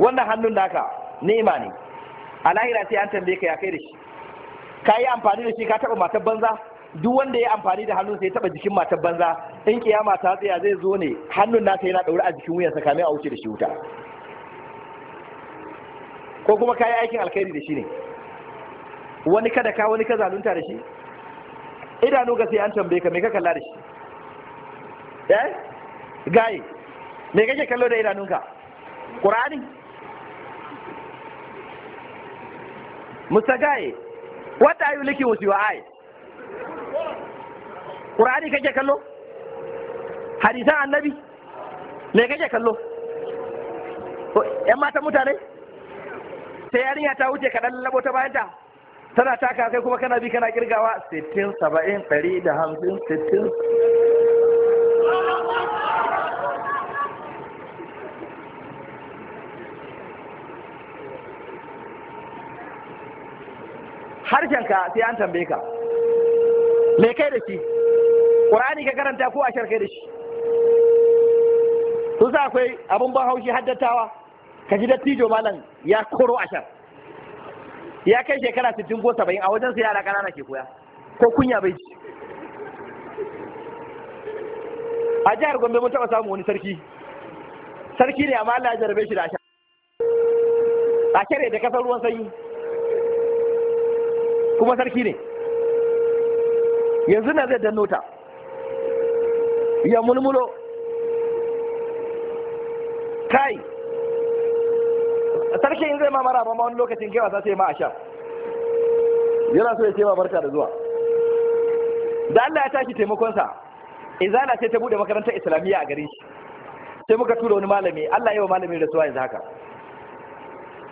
wannan hannun naka nema ne a lahira sai an tambaye ka ya kai da shi ka yi amfani da shi ka taɓa matar banza duk wanda ya amfani da hannun sai ya taɓa jikin matar banza in kiyama ta tsaya zai zo ne hannun nasa yana ɗaure a jikin wuyansa kamin a wuce da shi wuta ko kuma ka yi aikin alkhairi da shi ne wani kada ka wani ka zalunta da shi idanu ga sai an tambaye ka me ka kalla da shi eh gaye me kake kallo da idanunka qur'ani Mr. Guy, what are you looking with your eye? kake kallo? Hadisan annabi? Me kake kallo? ‘Yan mata mutane? Sai yarinya ta wuce kaɗan labo ta bayanta? Tana taka kai kuma kana bi kana kirgawa sittin, saba'in, ɗari da hamsin, sittin. harshenka sai an tambaye ka me kai da shi ƙur'ani ka karanta ko ashar kai da shi sun sa akwai abin ban haushi haddatawa ka ji dattijo malam ya koro ashar ya kai shekara 60 ko saba'in a wajen su yara ƙanana ke koya ko kunya bai ji? a jihar gombe mun taɓa samu wani sarki sarki ne amma Allah ya jarabe shi da ashar kare da kasar ruwan sanyi kuma sarki ne yanzu na zai danno ta ya mulmulo kai sarki in zai mamara ba wani lokacin kai wasa su yi ma'asha yana so ya ce ma barka da zuwa da Allah ya tashi taimakonsa Izana sai ta bude makarantar islamiyya a gari sai muka tura wani malami Allah yawa da suwa yanzu haka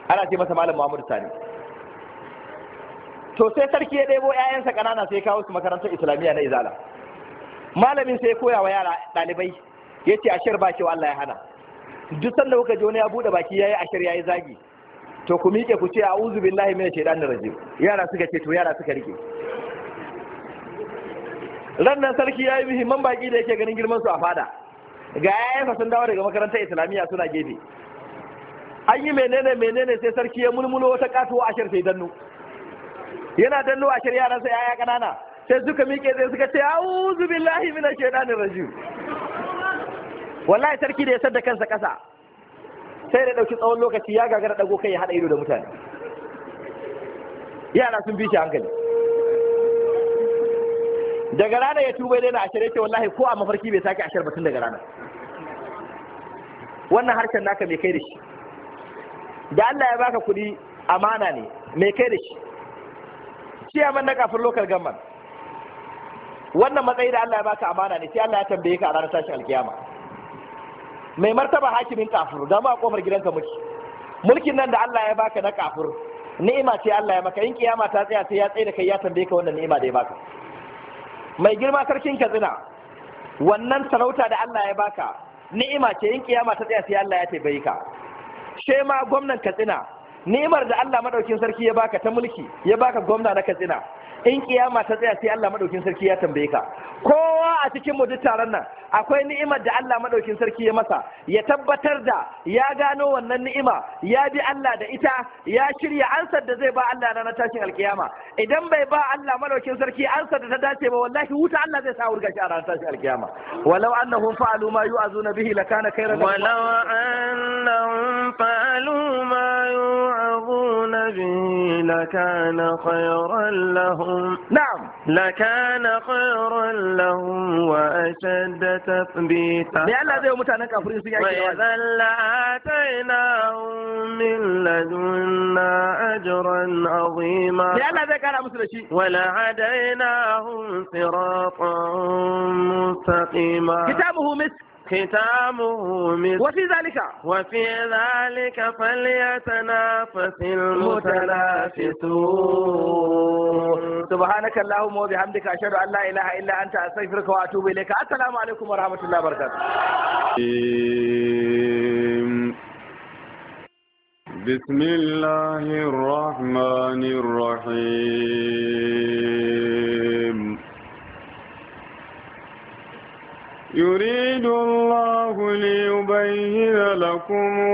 ana ce masa malam Muhammadu Sani to sai sarki ya ɗebo 'ya'yansa ƙanana sai kawo su makarantar islamiyya na izala malamin sai koya wa yara ɗalibai ya ce ashir ba kyau Allah ya hana duk sanda kuka ji wani ya buɗe baki ya yi ashir ya yi zagi to ku miƙe ku ce a'udhu billahi minash shaitanir rajim yara suka ce to yara suka rike ran nan sarki ya yi muhimman baki da yake ganin girman su a fada ga yayansa sun dawo daga makarantar islamiyya suna gefe an yi menene menene sai sarki ya mulmulo wata katuwa ashir sai dannu yana dallo a shirya ransa yaya kanana sai suka miƙe zai suka ce a'udhu billahi minash shaitanir rajim wallahi sarki da ya sadda kansa kasa sai da dauki tsawon lokaci ya gagara dago kai ya hada ido da mutane yara sun bi hankali daga rana ya tuba daina shirya ce wallahi ko a mafarki bai sake shirya batun daga rana wannan harshen naka mai kai da shi da Allah ya baka kuɗi amana ne mai kai da shi ciyaman na kafin lokal gamman wannan matsayi da Allah ya baka amana ne sai Allah ya tambaye ka a ranar tashin alkiyama mai martaba hakimin kafir da ma kofar gidanka muke mulkin nan da Allah ya baka na kafir ni'ima ce Allah ya maka in kiyama ta tsaya sai ya tsaye da kai ya tambaye ka wannan ni'ima da ya baka mai girma sarkin Katsina wannan sarauta da Allah ya baka ni'ima ce in kiyama ta tsaya sai Allah ya tambaye ka shema gwamnan Katsina ni'imar da Allah madaukin sarki ya baka ta mulki ya baka gwamna na katsina in kiyama ta tsaya sai Allah madaukin sarki ya tambaye ka kowa a cikin mu duk taron nan akwai ni'imar da Allah madaukin sarki ya masa ya tabbatar da ya gano wannan ni'ima ya bi Allah da ita ya shirya ansar da zai ba Allah na tashin alkiyama idan bai ba Allah madaukin sarki ansar da ta dace ba wallahi wuta Allah zai sa wurga shi a ranar tashin alkiyama walau annahum fa'alu ma yu'azuna bihi lakana khairan walau annahum fa'alu ma يؤمنون به لكان خيرا لهم نعم لكان خيرا لهم وأشد تثبيتا وإذا لآتيناهم من لدنا أجرا عظيما ولهديناهم صراطا مستقيما كتابه مسك ختامه مثل وفي ذلك وفي ذلك فليتنافس المتنافسون سبحانك اللهم وبحمدك أشهد أن لا إله إلا أنت أستغفرك وأتوب إليك السلام عليكم ورحمة الله وبركاته بسم الله الرحمن الرحيم يريد como